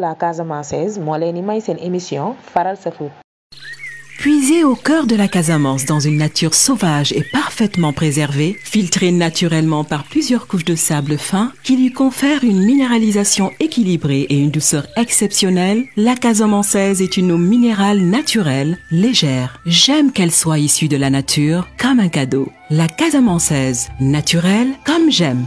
la émission faral puisée au cœur de la Casamance dans une nature sauvage et parfaitement préservée, filtrée naturellement par plusieurs couches de sable fin qui lui confèrent une minéralisation équilibrée et une douceur exceptionnelle, la Casamanceaise est une eau minérale naturelle, légère. J'aime qu'elle soit issue de la nature comme un cadeau. La Casamanceaise, naturelle comme j'aime.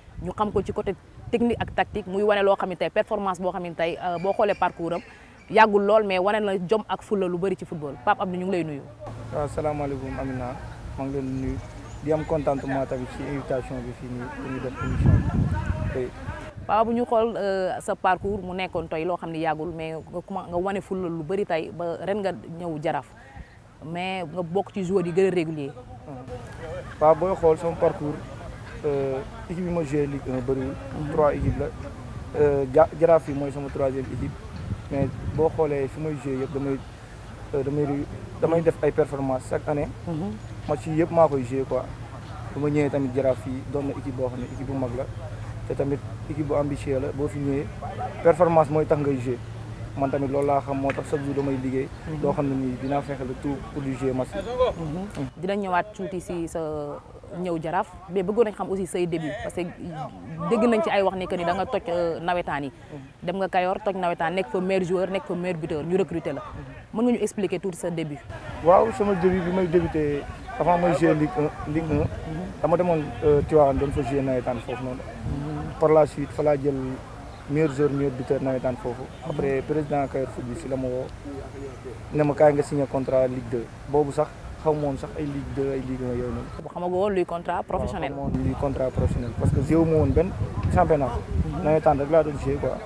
ñu xam ko ci côté technique ak tactique muy wane loo xam ne tey performance boo xam ne tey boo xoolee parcours am yàggul lool mais wane na jom ak fulla lu bari ci football Pape Abdou ñu ngi lay nuyu. waaw salaamaaleykum Amina maa ngi leen di nuyu di am contentement tamit ci invitation bi bu ñu xool euh, sa parcours mu nekkoon tey loo xam ne yàggul mais nga wane ful lu bëri tey ba ren nga ñëw jaraaf mais nga bokk ci joueurs di gën a régulier. waaw booy xool sama parcours Euh, équipe yi ma joué Ligue 1 bëriwul. trois équipes la ja euh, jaraaf yi mooy sama troisième équipe mais boo xoolee su may joué yëpp damay euh, damay damay def ay performance chaque année. Mhm. match yi yëpp maa koy joué quoi. bu ma ñëwee tamit jaraaf fii doon na boo xam ne équipe bu mag la te tamit équipe bu ambitieux la boo fi ñëwee performance mooy tax ngay joué man tamit loolu laa xam moo tax chaque jour damay liggéey. Mhm. loo xam ne nii dinaa fexe le tout pour di ñëw jaraaf mais bëggoon nañ xam aussi say début parce que dégg nañ ci ay wax ne que ni da nga toj euh, nawetaan yi dem nga Kayor toj nawetaan nekk fa meilleur joueur nekk fa meilleur buteur ñu recruter la mën nga ñu expliquer tout sa début waaw sama début bi may débuté avant may jouer Ligue 1 Ligue 1 dama demoon euh, Tivaouane doon fa jouer nawetaan foofu noonu par la suite fa laa jël meilleur joueur meilleur buteur nawetaan foofu après président Kayor Foot bi si la ma woo ne ma kaay nga signé contrat Ligue 2 boobu sax Kamu sax ay ligue 2 ay ligue 1 yooyu noonu. xamagoo woon luy contrat professionnel. waaw luy contrat professionnel parce que jéem a woon benn championnat. nawetaan mhm. rek laa doon jouer mhm. quoi.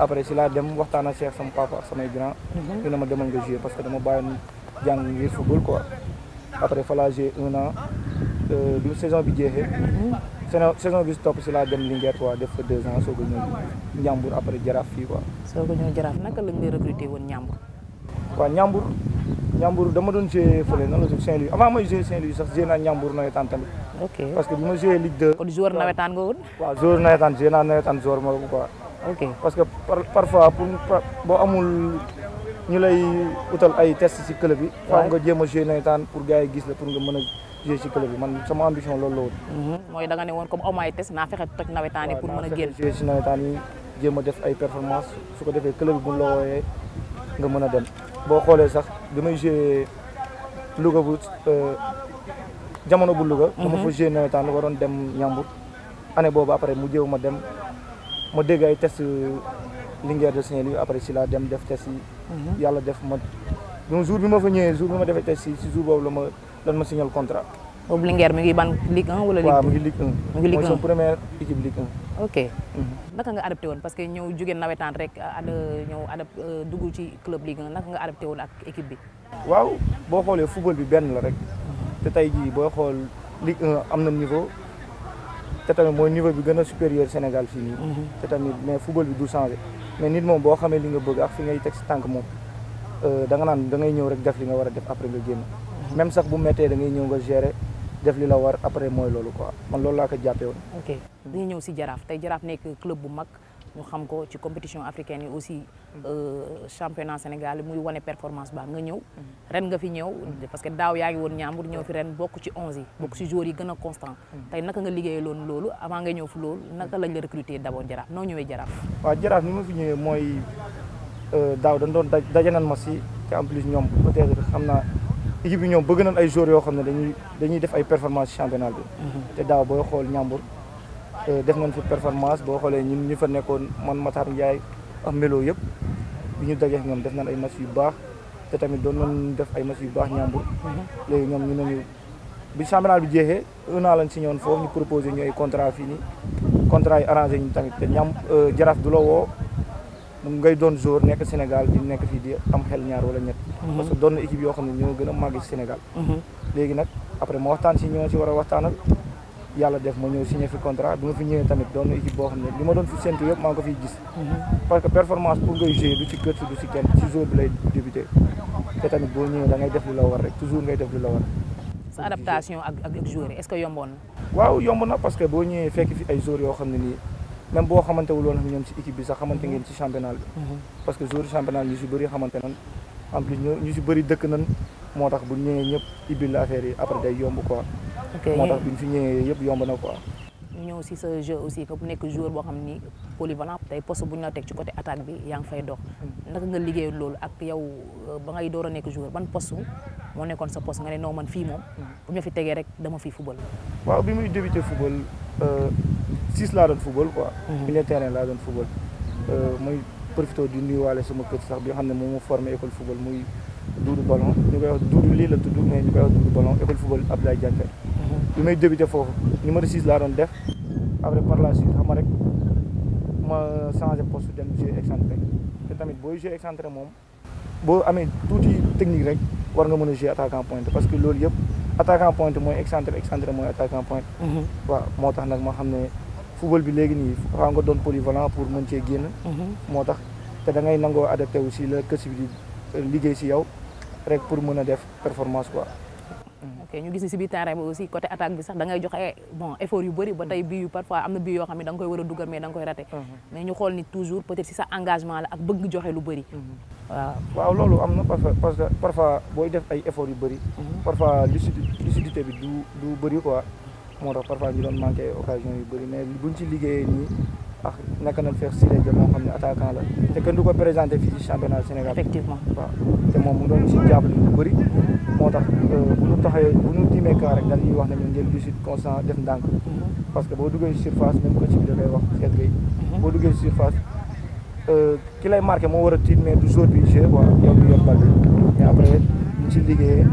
après si laa dem waxtaan ak Cheikh sama papa ak samay grand. ñu ne mhm. ma demal nga jouer parce que dama bàyyoon jàng ngir football quoi. après fa jouer un an bi saison bi saison bi si topp si dem Linguère quoi def fa ans soog a ñëw après Jaraaf fii quoi. soog a ñëw naka lañ recruter Ndiambour dama doon joué fële nan la jóg Saint-Louis avant moi joué Saint-Louis sax na naa na étant tamit. ok parce que bima ma Ligue 2. kon joueur nawetaan nga woon. waaw joueur nawetaan na na étant joueur ma ko ok parce que parfois pour bo amul ñu lay outal ay test ci club bi fa nga jéem jouer na étant pour gaay yi gis la pour nga mëna jouer ci club bi man sama ambition lool la woon. moy mhm. da nga né won comme aw ma ay test naa fexe toj nawetaan yi pour mëna gën génn. waaw joué ci nawetaan yi jéem def ay performance su ko defee club bu lo wooyee nga mëna dem. boo xoolee sax bi may joué Louga bu euh, jamono bu Louga. dama mhm. fa joué nawetaan doon dem Ñambur. année boobu après mu jëw ma dem ma dégg ay test Linguère de Saint-Louis après si laa dem def test yi. Mhm. yàlla def ma donc jour bi ma fa ñëwee jour bi ma defee test yi si jour boobu la ma lan ma signal contrat. boobu Linguère mi ngi ban Ligue 1 wala Ligue 2 waaw mi ngi Ligue 1. mi ngi Ligue 1 mooy sa première équipe Ligue 1. ok mm-hmm. naka nga adapté won parce que ñëw jóge nawetaan rek eh, ada ñëw adap eh, duggu ci club ligue naka nga adapté won ak équipe bi waaw bo xolé e football bi ben la rek mm-hmm. té tay ji bo xol ligue eh, 1 amna niveau té tamit mooy niveau bi gëna supérieur Sénégal fi ni té tamit mais football bi du changer mais nit mom bo xamé li nga bëgg ak fi ngay tek ci tank mom euh da nga nan da ngay ñëw rek def li nga wara def après le game mm-hmm. même sax bu metté da ngay ñëw nga gérer def li la war après mooy loolu quoi man loolu laa ko jàppee woon. ok dañuy ñëw si jaraaf tey jaraaf nekk club bu mag ñu xam ko ci compétition africaine yi aussi mm. euh, championnat Sénégal muy wane performance ba nga ñëw. Mm. ren nga fi ñëw mm. parce que daaw yaa ngi woon Ndiambour ñëw fi ren bokk ci 11 yi. bokk ci joueurs yi gën a constant. tey naka nga liggéeyee loon loolu avant nga ñëw fi loolu naka lañ la recruter d' jaraaf noo ñëwee jaraaf. waaw jaraaf ni ma fi ñëwee mooy euh, daaw doon daje ma si te en plus ñoom peut équipe bi ñoom bëgg nañ ay joueurs yoo xam ne dañuy dañuy def ay performance championnat bi mhm. te daaw booy xool ñàmbur euh, def nañ fi performance boo xoolee ñun ñu fa nekkoon man Matar Ndiaye ak Melo yëpp bu ñu dajee ñoom def nañ ay match yu baax te tamit doon nañ def ay match yu baax ñàmbur mhm. léegi ñoom ñu nañu bi championnat bi jeexee un an lañ si ñoon foofu ñu proposé ñu ay contrat fii nii contrat yi arrangé ñu tamit te ñam euh, jaraaf du la woo ngay doon joueur nekk Sénégal di nekk fii di am xel ñaar wala ñett. Mhm. parce que doon équipe yoo xam ne ñoo gën a màgg Sénégal. Mhm. léegi nag après ma waxtaan si ñoo si war a waxtaanal yàlla def ma ñëw signé fi contrat bi ma fi ñëwee tamit doon équipe boo xam ne li ma doon fi séntu yëpp maa ko fiy gis. Mhm. parce que performance pour ngay jouer du ci gëstu du ci kenn ci jour bi lay débuté te tamit boo ñëwee da def li la war rek toujours ngay def li la même boo xamante wul woon ak ñoom si équipe bi sax xamante ngeen si championnat bi. Mhm. parce que jour championnat ñu si bëri xamante nan en plus ñu si bëri dëkk nan moo tax bu sa jeu aussi que boo xam ni polyvalent tey poste bu ñu la teg ci côté attaque bi yaa ngi fay dox. Hmm. naka nga liggéeyoon loolu ak yow euh, ba ngay door a nekk joueur ban poste moo nekkoon sa poste nga ne non fii moom. Hmm. bu ñu fi tegee rek dama fi football. waaw bi muy débuté football. Euh, six laa doon football quoi. Mhm. milieu terrain laa doon football. Euh, muy profité di nuyuwaale sama kër sax bi nga xam ne moom moo formé école football muy Doudou Ballon ñu koy wax Doudou lii la tudd mais ñu koy wax Doudou Ballon école football Abdoulaye Diakher. Mhm. bi may débuté foofu numéro six laa doon def après par la suite xam nga rek ma changé poste dem jeu excentré te tamit booy jeu excentré moom. boo amee tuuti technique rek war nga mën a jouer attaquant pointe parce que loolu yëpp attaquant pointe mooy excentré excentré mooy football bi léegi nii faa nga doon polyvalent pour mën cee génn. Mhm. moo tax te da ngay nangoo adapté wu la coach bi di euh, liggéey si yow rek pour mën a def performance quoi. Mhm. ñu gis ni si biir terrain bi aussi côté attaque bi sax da joxe eh, bon effort yu bëri ba tey bii yu parfois am na bii yoo xam mhm. ni toujours peut-être si sa engagement la ak bëgg joxe lu bëri. waaw loolu am na parfois booy def ay effort yu bëri. parfois lucidité bi du du bëri moo tax parfois ñu doon manqué occasion yu bëri mais buñ ci liggéeyee nii ak ah, naka nañ feex Siré Dia moo la te kenn du ko présenté fii ci championnat du Sénégal. effectivement waaw te moom mu doon si jàppale moo tax euh, bu ñu taxee bu ñu tiimee kaa rek dañuy wax ne ñun ngeen lucide constant def ndànk mm-hmm. parce que boo duggee surface même bi da koy wax seet gay mm-hmm. boo duggee surface euh, ki lay marqué moo war a tiit mais du jour bi jeu quoi ci liggéeyee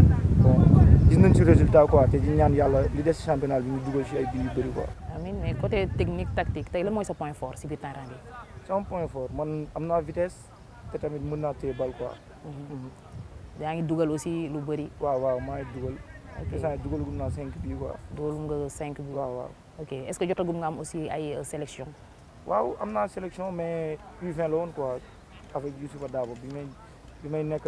bon nañ si résultat quoi te di ñaan yalla li des championnat bi ñu duggal ci ay bi yu bëri quoi. amin mais côté technique tactique tay la moy sa point fort ci biir terrain bi. sama point fort man amna vitesse té tamit mën naa téye bal quoi. Mhm. Mhm. yaa ngi dugal aussi lu bari waaw waaw maay duggal dugal. ok instant yii dugalagum naa cinq bi quoi. dugalagum nga 5 bi. waaw waaw ok est ce que jotagum nga am aussi ay euh, sélection waaw amna sélection mais U20 la woon quoi avec Youssouba Dabo bi mais. Puisée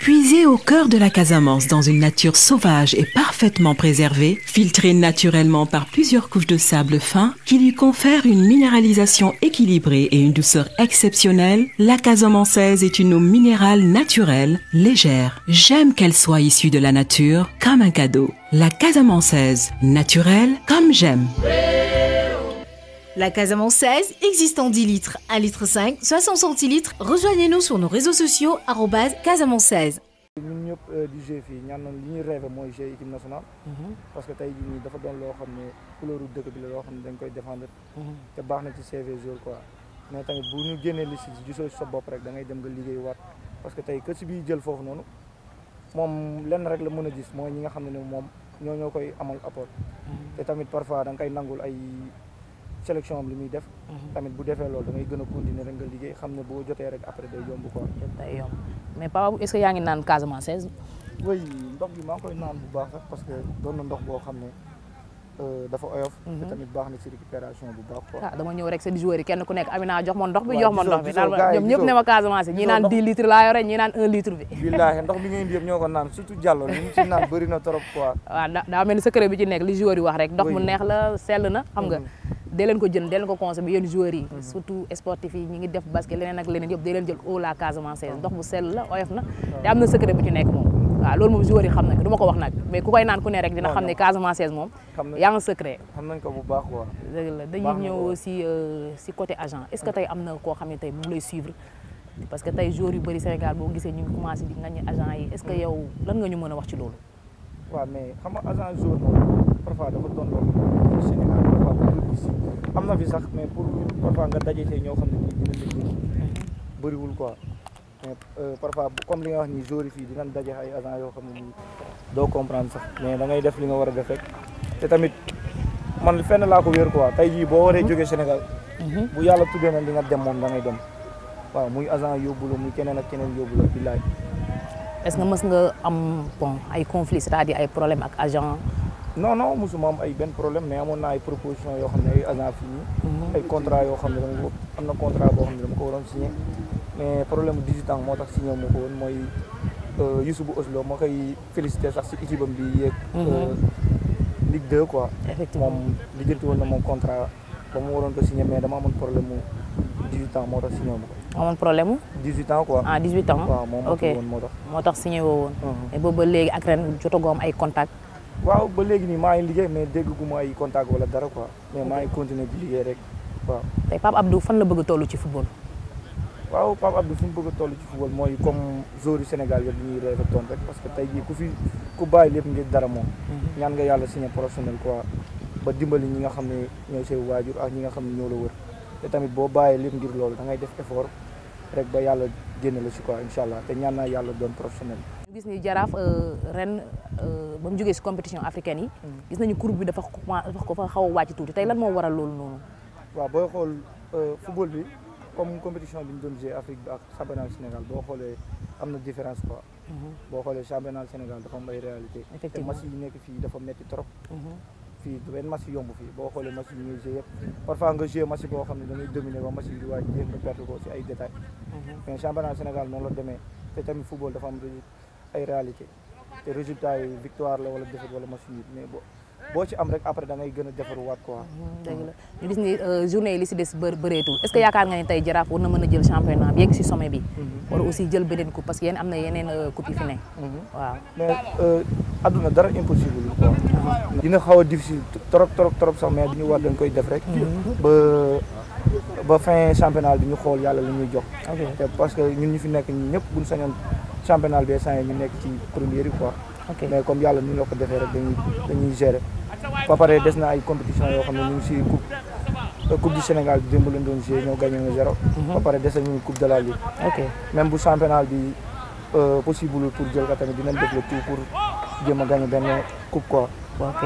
Puisée au cœur de la Casamance dans une nature sauvage et parfaitement préservée, filtrée naturellement par plusieurs couches de sable fin qui lui confère une minéralisation équilibrée et une douceur exceptionnelle, la Casamance est une eau minérale naturelle, légère. J'aime qu'elle soit issue de la nature comme un cadeau. La Casamanceaise, naturelle comme j'aime. La Casamance 16 existe en 10 litres, 1 litre 5, 60 centilitres. Rejoignez-nous sur nos réseaux sociaux Casamance 16. ñun ñëpp di jouer fii ñaanoon li ñuy rêvé mooy mm-hmm. jouer équipe nationale. parce que tey jii nii dafa doon loo xam ne couleuru dëkk bi la loo xam ne dañ koy défendre. Mm-hmm. te baax na ci CV jour quoi mais tamit bu ñu génnee li si gisoo sa bopp rek da ngay dem nga liggéey waat parce que tey kër bi jël foofu noonu moom lenn rek la mën a gis mooy ñi nga xam ne moom ñoo ñoo koy amal apport. Mm-hmm. te tamit parfois da nga koy nangul ay. sélection am li muy def. Mhm. tamit bu defee loolu da ngay gën a continuer rek nga liggéey xam ne boo jotee rek après day yomb quoi. day yomb mais papa est-ce que yaa ngi naan Casamance. oui ndox bi maa ngi koy naan bu baax sax parce que doon na ndox boo xam ne. Euh, dafa oyof. Mhm. te tamit baax na ci récupération bu baax quoi. ah dama ñëw rek seen joueur yi kenn ku nekk Amina jox ma ndox bi jox ma ndox bi daal ñoom ñëpp ne ma Casamance ñii naan 10 litres laa yore ñii naan 1 litre bi. billaahi ndox bi ngay indi yëpp ñoo ko naan surtout Diallo li mu ci naan bëri na trop quoi. waaw daa mel ni secret bi ci nekk li joueur yi wax rek ndox mu neex la sell na xam nga mhm. dee leen ko jënd dee leen ko consommé yéen joueurs yi surtout sportif yi ñi ngi def basket leneen ak leneen yëpp dee leen jël eau la Casamance ndox bu sell la oyof na te am na secret bu ci nekk moom waaw loolu moom joueurs yi xam nañ du ma ko wax nag mais ku koy naan ku ne rek dina xam ne Casamance moom yaa ngi secret xam ñëw euh, si coté agent est ce que tey am na koo xam ne tey mu ngi lay suivre parce que tey joueurs yu bëri Sénégal boo gisee ñu ngi commencé di ngañ agent yi est ce que hmm. yow lan wax ci loolu xam nga agent joueur moom parfois am na fi sax mais pour parfois nga daje see ñoo xam ne nii dinañ la gis bëriwul quoi mais euh, parfois comme li nga wax ni jori fii dinañ daje ay agent yoo xam ne nii doo comprendre sax mais da ngay def li nga war a def te tamit man fenn laa ko wéer quoi tey jii boo waree mhm. jógee Sénégal mhm. bu yàlla tuddee na li nga dem moom da ngay waaw muy agent yóbbu la muy keneen ak keneen yóbbu la billaay est-ce que nga am bon ay conflit c'est-à-dire ay problème ak agent non non mosuma am ay benn problème mais amoon naa ay proposition yoo xam ne ay agent fini mhm. ay contrat yoo xam ne dama ko am na contrat boo xam ne dama ko waroon signé mais problème bu moo tax signé ma ko woon mooy euh, Youssou bu Oslo ma koy félicité sax si équipe am bi yeeg euh, mhm. Ligue 2 quoi moom lijjanti woon na moom contrat ba mu waroon ko signé mais dama amoon problème mu moo tax signé ma ko amoon problème mu. 18 ans ah, moo tax signé woo woon. mais mhm. boobu léegi ak ren jotagoo am ay contact waaw ba léegi nii maa ngi liggéey mais dégg gu ma ay contact wala dara quoi mais maa ngi continuer di liggéey rek waaw. tey Pape Abdou fan la bëgg tollu ci football. waaw Pape Abdou fi mu bëgg a toll ci football mooy comme joueur yu Sénégal yëpp ñuy rafetoon rek parce que tey jii ku fi ku bàyyi lépp ngir dara moom. Mhm. ñaan nga yàlla signé professionnel quoi ba dimbali ñi nga xam ne ñooy say waajur ak ñi nga xam ne ñoo la wër te tamit boo bàyyee lépp ngir loolu da def effort rek ba yàlla génne la si quoi incha allah te ñaan naa yàlla doon professionnel. ñu gis ni jaraaf euh, ren euh, ba mu jógee si compétition africaine yi. Hmm. gis nañu courbe bi dafa ko fa xaw a wàcc tuuti tey lan moo waral loolu noonu. waaw booy xool euh, football bi comme compétition bi ñu doon jouer Afrique bi ak championnat Sénégal boo xoolee am na différence quoi. Hmm. boo xoolee championnat Sénégal dafa am ay réalité te match yu nekk fii dafa metti trop. Hmm. fii du benn yomb fii boo xoolee match yi ñuy jouer yëpp parfois nga jouer boo xam ne da ngay dominer ba match yi di waaj jéem nga perte ko si ay réalité te résultat yi victoire la wala défaite wala match yi boo ci am rek après da gën a defaruwaat quoi. Mmh, dëgg la ñu gis ni euh, journée yi li si des bër bëreetul est ce yaakaar nga ni tey jaraaf war na mën a jël championnat bi yegg si sommet bi. Mmh. wala aussi jël beneen coupe parce que yéen am na yeneen euh, coupe yi mmh. waaw mais adduna euh, dara impossible lu quoi. dina xaw a difficile trop trop trop sax mais war dañ koy def rek. ba ba fin championnat bi ñu xool yàlla li ñuy jox. te parce ñun ñu fi nekk ñëpp buñ sañoon. championnat bi instant ñu nekk ci première yi quoi. mais yàlla ni ñu la ko defee rek dañuy dañuy gérer. ba pare des na ay compétition yoo xam ne ñu ngi si coupe euh, coupe du Sénégal bi démb lañ doon joué ñoo gagné nga zéro. Mhm. ba pare des nañu coupe de la Ligue. ok même bu championnat bi euh, possible pour jël ka tamit dinañ def le tout pour jéem a gagné benn coupe quoi. ok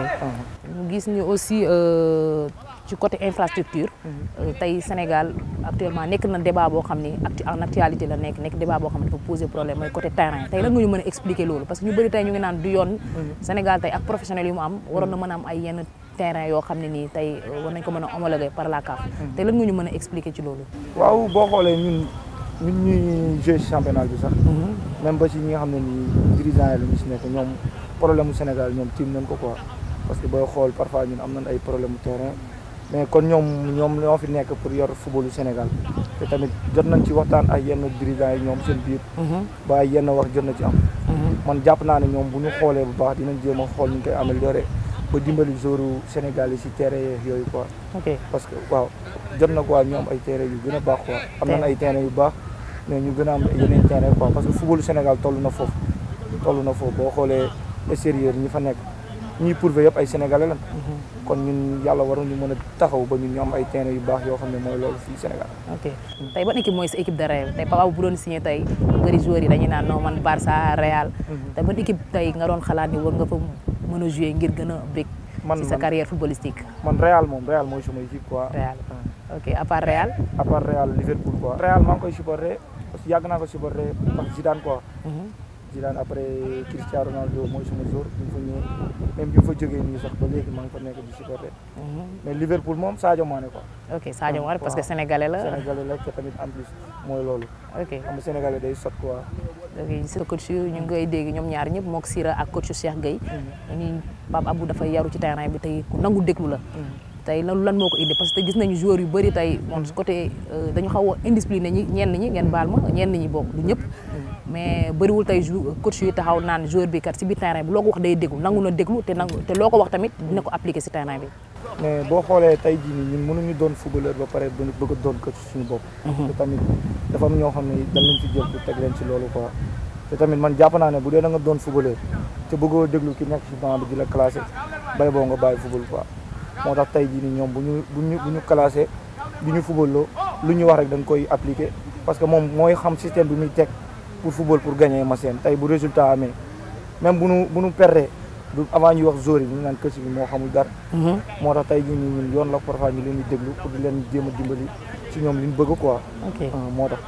gis ñu aussi euh, ci côté infrastructure. Mhm. Euh, tey Sénégal actuellement nekk na débat boo xam ni acti en actualité la nekk nekk débat boo xam ne dafa poser problème mooy côté terrain tey lan nga ñu mën a expliquer loolu parce que ñu bëri tey ñu ngi naan du yoon. Mhm. Sénégal tey ak professionnels yu mu am mhm. waroon na mën a am ay yenn terrain yoo xam ne nii tey euh, war nañ ko mën a homologué par la CAF. tey lan nga ñu mën a expliquer ci loolu. waaw boo xoolee ñun ñun xam ne nii ñu si problème mu Sénégal ñoom tiim nañ ko quoi parce que booy xool parfois ñun am nañ ay problème mu terrain mais kon ñoom ñoom ñoo fi nekk pour yor footballu Sénégal te tamit jot nañ ci waxtaan ak yenn dirigeants yi ñoom seen biir. Mhm. ba yenn wax jot na ci am. Mhm. man jàpp naa ñoom bu ñu xoolee bu baax dinañ jéem a xool ñu koy amélioré ba dimbali joueurs Sénégal yi si terrain yooyu quoi. ok parce que waaw jot na quoi ay terrain yu gën a baax quoi. am nañ ay terrain yu baax. mais ñu gën a am yeneen extérieur ñi fa nek ñi prouver yëpp ay sénégalais lan mhm. kon ñun yalla waru ñu mëna taxaw ba ñun ñu am ay terrain yu baax yo xamné moy lool fi Sénégal. ok tay ba équipe moy sa équipe de rêve tay Papa bu doon signé tay bari joueur yi dañuy naan non man Barça Real. Mhm. tay ba équipe tay nga doon xalaat ni war nga fa mëna jouer ngir gëna a man ci sa carrière footballistique. man Real mom Real moy sama équipe quoi. Real ok à part Real. à part Real Liverpool quoi. Real ma ngi koy supporter parce que yag na ko supporter parce que Zidane quoi. Mhm. di naan après Cristiano Ronaldo mooy sama jour bi bi mu jógee nii sax ba léegi maa ngi nekk di mhm. mais Liverpool moom Sadio Mané quoi. ok Sadio Mané parce que sénégalais la sénégalais la te tamit en plus mooy loolu. ok am day sot quoi. ok sa coach ñu ngi koy dégg ñoom ñaar ñëpp mook Sira ak coach Cheikh Gueye. ni mhm. Pape dafa yaru ci terrain bi tey ku nangu déglu la. Mhm. tey lan moo ko indi parce que gis nañu joueurs yu bëri tey. moom côté euh, dañu xaw a indiscipliné ñi ñenn ñi ngeen baal ma ñeen ñi bokk du ñëpp. mais bëriwul tey jou coach yi taxaw naan joueur bi kat si biir terrain bi loo ko wax day déglu nangu na déglu te nangu te loo ko wax tamit dina ko appliquer si terrain bi. mais boo xoolee tey jii nii ñun mënuñu doon footballeur ba pare bëgg doon coach suñu bopp. Mhm. te tamit dafa am xam ne dañ leen leen ci loolu quoi. te tamit man jàpp naa ne bu dee nanga nga doon footballeur te bëggoo déglu ki nekk ci banc bi di la classé bay boo nga bàyyi football quoi moo tax tey jii nii ñoom bu ñu bu ñu bu ñu classé du ñu footballoo lu ñu wax rek dañ koy appliquer parce que moom mooy xam système bi muy teg pour football pour gagner ma seen bu résultat amee même bu nu bu avant ñuy wax zori bi ñu naan kësi bi moo xamul dara mhm. moo tax tey ñu yoon la parfois ñu leen di déglu pour di leen a dimbali ci ñu bëgg quoi ah, moo tax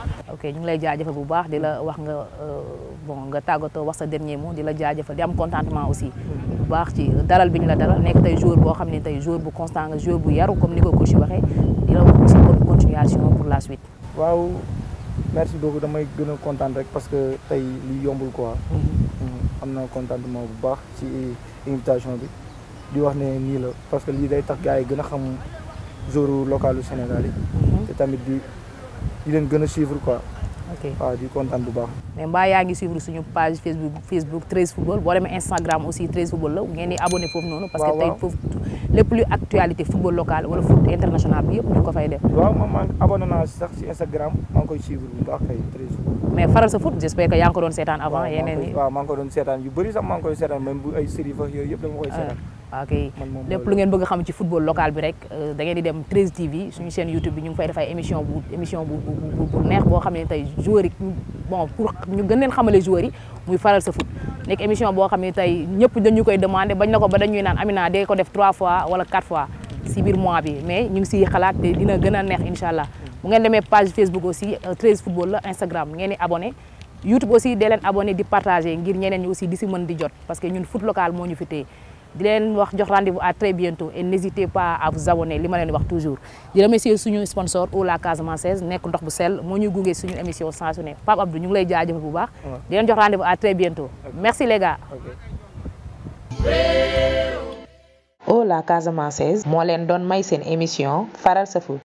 ñu ngi lay jaajëfal bu baax di la wax nga euh, bon nga tàggatoo wax sa dernier mot di la jaajëfal di am contentement aussi mm-hmm. bu baax ci dalal bi ñu la dalal nekk tey jour boo xam ne tey jour bu constant nga jour bu yaru comme ni ko si waxee di la wax aussi pour la suite waaw merci beaucoup damay gën a kontaan rek parce que tey li yombul quoi. Mm-hmm. Mm-hmm. am na contentement bu baax ci invitation bi di wax ne nii la parce que lii day tax gars yi gën a xam joueurs localu Sénégal yi. Mm-hmm. te tamit di di leen gën a suivre quoi. ok waaw ah, di kontaan bu baax. mais mbaa yaa ngi suivre suñu page Facebook Facebook 13 football boo demee Instagram aussi 13 football la ngeen di abonné foofu noonu. parce que tey foofu lépp luy actualité football local wala foot international bi yëpp ñu ko fay def. waaw man maa ngi naa sax si Instagram maa koy suivre bu baax kay 13 football. mais faral sa foot j' que yaa ngi ko doon seetaan avant. yeneen yi waaw maa ko doon seetaan yu bëri waaw kay lu ngeen bëgg xam ci football local bi rek euh, da ngeen di dem 13 TV suñu chaîne YouTube bi ñu ngi fay def ay émission bu émission bu bu bu neex boo xam ne tey joueurs yi bon pour ñu gën leen xamale joueurs yi muy faral sa foot nekk émission boo xam ne tey ñëpp dañu koy demander bañ la ko ba dañuy naan Amina dee ko def 3 fois wala 4 fois si biir mois bi mais ñu ngi siy xalaat te dina gën a neex incha allah bu ngeen demee page Facebook aussi 13 euh, football la Instagram ngeen di abonné YouTube aussi dee leen abonné di partager ngir ñeneen ñi aussi di si mën di jot parce que ñun foot local moo ñu fi téye je vous wax jox rendez-vous à très bientôt et n'hésitez pas à vous abonner li ma leen wax toujours di remercier suñu sponsor Ola la Casamançaise nekk ndox bu sell moo ñuy gunge suñu émission sans su Papa Abdou ñu ngi lay jaajëfal bu baax. vous leen jox rendez-vous à très bientôt. merci les gars. Ola Casamançaise moo leen donne may seen émission faral sa foot